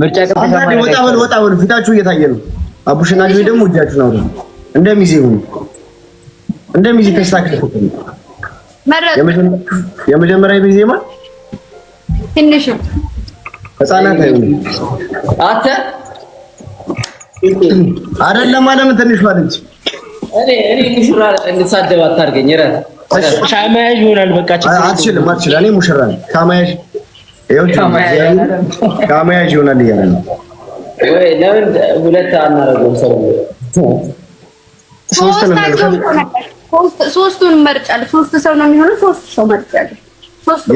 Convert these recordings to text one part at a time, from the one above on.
ምርጫ ወጣ በል ወጣ በል ፊታችሁ እየታየ ነው። አቡሽና ግቢ ደግሞ እጃችሁ ነው። እንደ ሚዜ ሁኑ፣ እንደ ሚዜ ተስተካክል። የመጀመሪያ ሚዜ ማ ትንሽ ህጻናት አይሆኑ አተ አይደለም አለም ትንሽ ማለት እኔ እኔ ሙሽራ እንድሳደብ አታርገኝ ረህ ሻማ ይሆናል። በቃ አትችልም፣ አትችልም። እኔ ሙሽራ ነኝ። ይሆናል እያለ ነው። ለምን ሁለት ሶስቱን ሶስት ሰው ነው የሚሆነው። ሶስት ሰው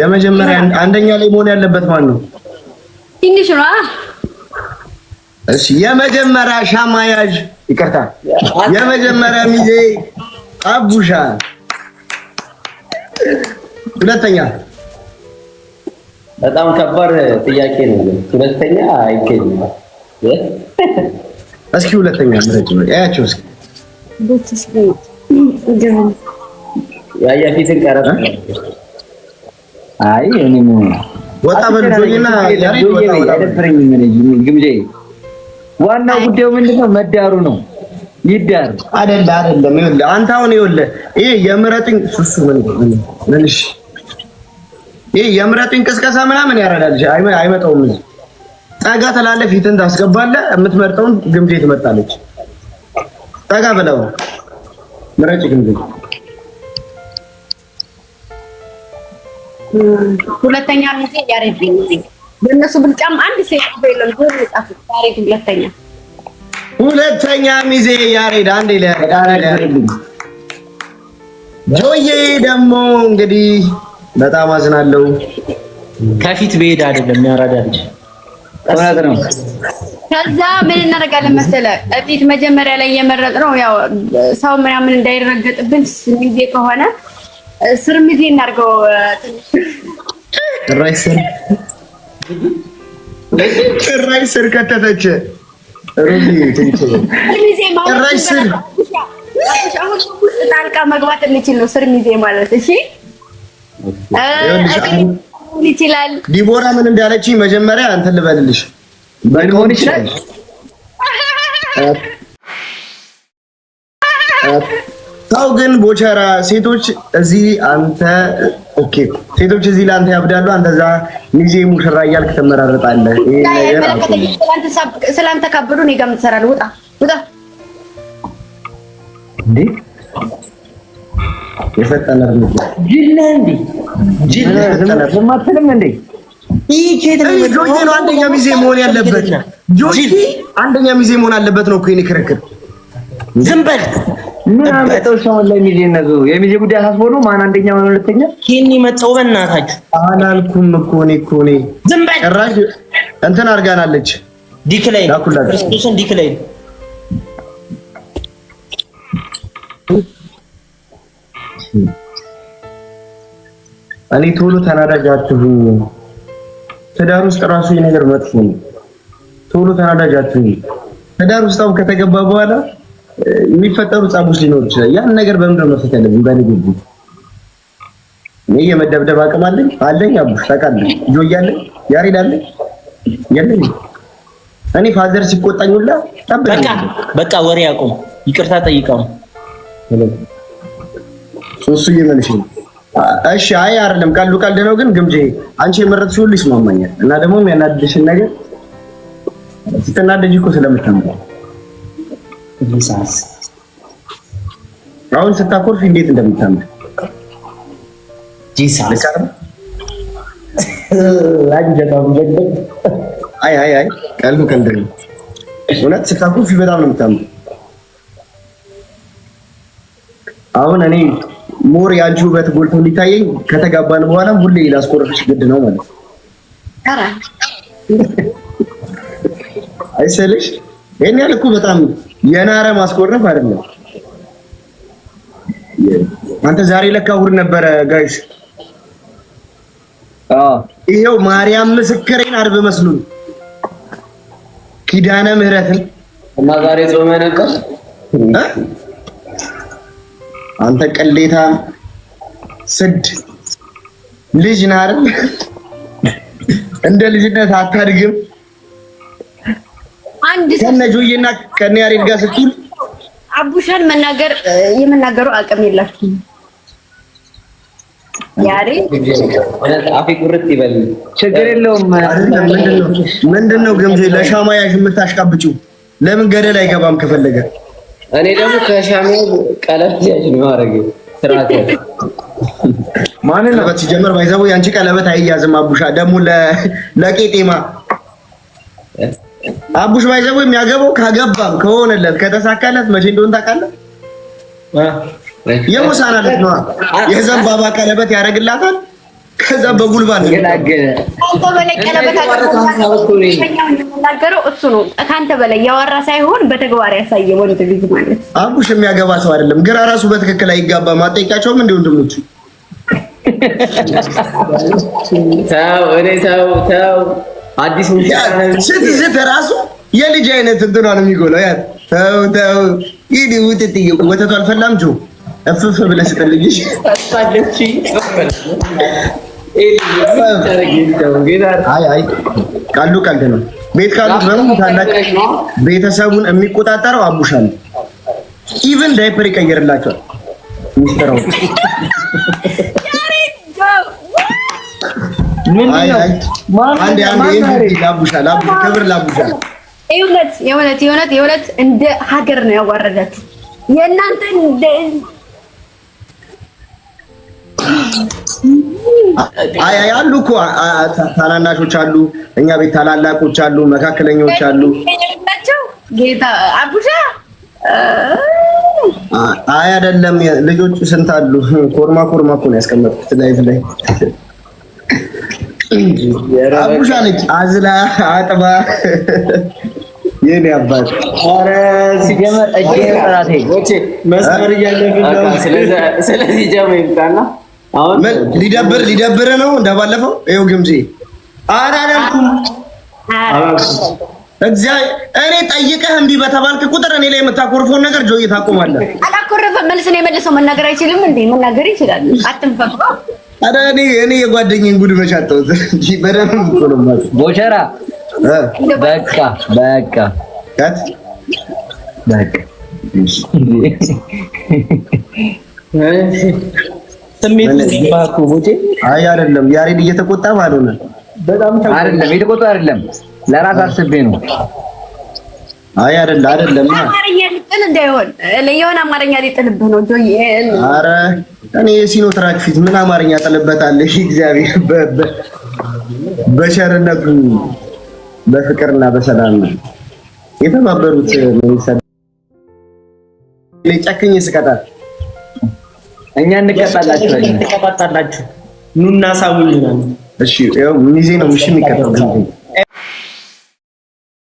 የመጀመሪያ አንደኛ ላይ መሆን ያለበት ማን ነው? ትንሽ ነው። እሺ የመጀመሪያ ይቅርታ፣ የመጀመሪያ ሚዜ አቡሻ ሁለተኛ በጣም ከባድ ጥያቄ ነው። ሁለተኛ አይገኝም። እስኪ ሁለተኛ ምረጭ። እስኪ ያያፊትን ቀረጥ አይ እኔም ወጣ በልጆኝና ግምጄ። ዋናው ጉዳዩ ምንድነው? መዳሩ ነው። ይዳር አይደለ? አይደለም። ይኸውልህ አንተ አሁን ይኸውልህ ይሄ የምረጥኝ ሱሱ ምን ምን እሺ ይህ የምረጡኝ ቅስቀሳ ምናምን ያረዳል አይመጣውም። እዚህ ጠጋ ትላለህ፣ ፊትን ታስገባለህ፣ የምትመርጠውን ግምጄ ትመጣለች። ጠጋ ብለው ምረጭ ግምጄ። ሁለተኛ ጊዜ ያረድኝ በእነሱ ብልጫም አንድ ሴት በለም ዞር ይጻፍ ታሪክ ሁለተኛ ሁለተኛ ሚዜ ያሬድ አንዴ ለያሬድ ጆዬ ደግሞ እንግዲህ በጣም አዝናለሁ። ከፊት በሄድ አይደለም ያራዳ ልጅ እውነት ነው። ከዛ ምን እናደርጋለን መሰለ እፊት መጀመሪያ ላይ ነው ያው ሰው ምናምን እንዳይረገጥብን ሚዜ ከሆነ ስር ሚዜ እናድርገው። ጭራሽ ስር ጭራሽ ስር ከተተች ጭራሽ ስር ሁሉ ጣልቃ መግባት እንችል ነው ስር ሚዜ ማለት እሺ ይችላል። ዲቦራ ምን እንዳለችኝ መጀመሪያ አንተ ልበልልሽ። ምን ይችላል? ግን ቦቸራ ሴቶች እዚህ አንተ ኦኬ፣ ሴቶች እዚህ ለአንተ ያብዳሉ። አንተ እዛ ሚዜ ሙሽራ እያልክ ትመራረጣለህ። ስለአንተ ካበዱ እኔ ጋር የምትሰራለህ። ውጣ ውጣ! እንዴ የፈጠነ እርምጃ ጅል ነህ እንዴ? ጅል አንደኛ ሚዜ መሆን ያለበት። ጆዬ አንደኛ ሚዜ መሆን አለበት ነው እኮ የእኔ ክርክር። ዝም በል ምን አመጣው? ሰውን ላይ ነው የሚዜ ጉዳይ አሳስቦ ነው ማን አንደኛ ማን ሁለተኛ ይሄን የመጣው በእናታችሁ አላልኩም እኮ እኔ እኮ እኔ ዝም በል ጭራሽ እንትን አድርጋናለች። ዲክላይን ክርስቶስን ዲክላይን Hmm. እኔ ቶሎ ተናዳጅ አትሁኑ። ትዳር ውስጥ ራሱ የነገር መጥፎ ነው። ቶሎ ተናዳጅ አትሁኑ። ትዳር ውስጥ አሁን ከተገባ በኋላ የሚፈጠሩ ጻቦች ሊኖር ይችላል። ያን ነገር በምንድን መፍታት ያለብን? በንግግር እኔ የመደብደብ አቅም አለኝ አለኝ። አቡሽ ታውቃለህ፣ ጆ አለኝ፣ ያሬድ አለኝ፣ የለኝም። እኔ ፋዘር ሲቆጣኝ ሁላ በቃ በቃ ወሬ አቁም፣ ይቅርታ ጠይቀው። እሱ እየመለሰኝ ነው እሺ አይ አይደለም፣ ቀልዱ ቀልድ ነው። ግን ግምጄ አንቺ የመረጥሽ ሁሉ ይስማማኛል። እና ደግሞ የሚያናድድሽን ነገር ስትናደጅ እኮ ስለምታምራ አሁን ስታኮርፊ እንዴት እንደምታምር አይ አይ አይ ቀልዱ ቀልድ ነው። እውነት ስታኮርፊ በጣም ነው የምታምር። አሁን እኔ ሞር የአንቺ ውበት ጎልቶ እንዲታየኝ ከተጋባን በኋላ ሁሌ ላስቆረጥሽ ግድ ነው ማለት ነው። አይሰልሽ? ይህን ያህል እኮ በጣም የናረ ማስቆረፍ አይደለም። አንተ ዛሬ ለካ እሑድ ነበረ ጋይስ። ይሄው ማርያም ምስክሬን አርብ መስሉን ኪዳነ ምህረትን እና ዛሬ ጾመ ነበር አንተ ቅሌታ ስድ ልጅ ነህ አይደል? እንደ ልጅነት አታድግም። አንድ ከነ ጆዬና ከነ ያሬድ ጋር ስትል አቡሻን መናገር የመናገሩ አቅም የላችሁም። ያሬድ አፊ ቁርጥ ይበል፣ ችግር የለውም። ምንድን ነው ግምጄ ለሻማ ያዥ ለምን ገደል አይገባም ከፈለገ እኔ ደግሞ ከሻሜ ቀለበት ያዥ ነው ማረግ ስርዓት ማን ወጭ ጀመር ባይዘው ያንቺ ቀለበት አይያዝም። አቡሻ ደግሞ ለቄጤማ አቡሽ ባይዘው የሚያገባው ካገባም ከሆነለት ከተሳካለት መቼ እንደሆነ ታውቃለህ? የሙሳና ልጅ ነው። የዘንባባ ቀለበት ያደርግላታል። ከዛ በጉልባ ነው የምናገረው እሱ ነው። ከአንተ በላይ ያወራ ሳይሆን በተግባር ያሳየ ወንድ ልጅ ማለት አቡሽ የሚያገባ ሰው አይደለም። ግራ ራሱ በትክክል አይጋባም። አጠይቃቸውም እንዲ ወንድሞቹ ተው፣ እኔ ተው ተው። አዲስ ስትስት ራሱ የልጅ አይነት እንትኗ ነው የሚጎለው ያ ተው ተው። ይህ ውጥት ወተቱ አልፈላም ጆ እፍፍ ብለሽ ስጠልልሽ ቃሉ ቀልድ ነው። ቤት ካሉት በሙሉ ታላቅ ቤተሰቡን የሚቆጣጠረው አቡሻ ነው። ኢቭን ዳይፐር ይቀየርላቸዋል። ሚስተራው የእውነት የእውነት የእውነት እንደ ሀገር ነው ያዋረዳት የእናንተ አሉ እኮ ታናናሾች አሉ፣ እኛ ቤት ታላላቆች አሉ፣ መካከለኞች አሉ። ጌታ አቡሻ አይ አይደለም፣ ልጆቹ ስንት አሉ? ኮርማ ኮርማ እኮ ነው ያስቀመጥኩት ላይፍ ላይ አቡሻ ነች አዝላ አጥባ የኔ አባት አረ ሲጀመር እጄ መስመር እያለፍን ነው። ስለዚህ ጀመ ይምጣና ምን ሊደብር ሊደብር ነው እንደባለፈው። ይኸው ግምዜ አላደርኩም። እግዚአብሔር እኔ ጠይቀህ እምቢ በተባልክ ቁጥር እኔ ላይ የምታኮርፈውን ነገር ጆይ ታቆማለህ። አላኮርፈም። መልስ ነው የመለሰው። መናገር አይችልም እንዴ? መናገር ይችላል። አትንፈቅ። ኧረ እኔ እኔ የጓደኛዬን ጉድ መቻጠው እንጂ በደምብ ቆሎማስ ቦቸራ በቃ በቃ ታት በቃ ስሜት አይ አይደለም፣ ያሬድ እየተቆጣ ማለት ነው። በጣም አይደለም፣ እየተቆጣ አይደለም፣ ለራስ አስቤ ነው። አይ አይደለም፣ አይደለም። አማርኛ ሊጥል እንዳይሆን አማርኛ ሊጥልብህ ነው አረ እኔ ትራክ ፊት ምን አማርኛ ጥልበታለህ? እግዚአብሔር በቸርነቱ በፍቅርና በሰላም ነው የተባበሩት መንግስታት ጨክኝ ስቀጣል እኛ እንቀጣላችሁ። ኑና ሳሙኝ ነው። እሺ፣ ያው ሚዜ ነው። እሺ የሚቀጣው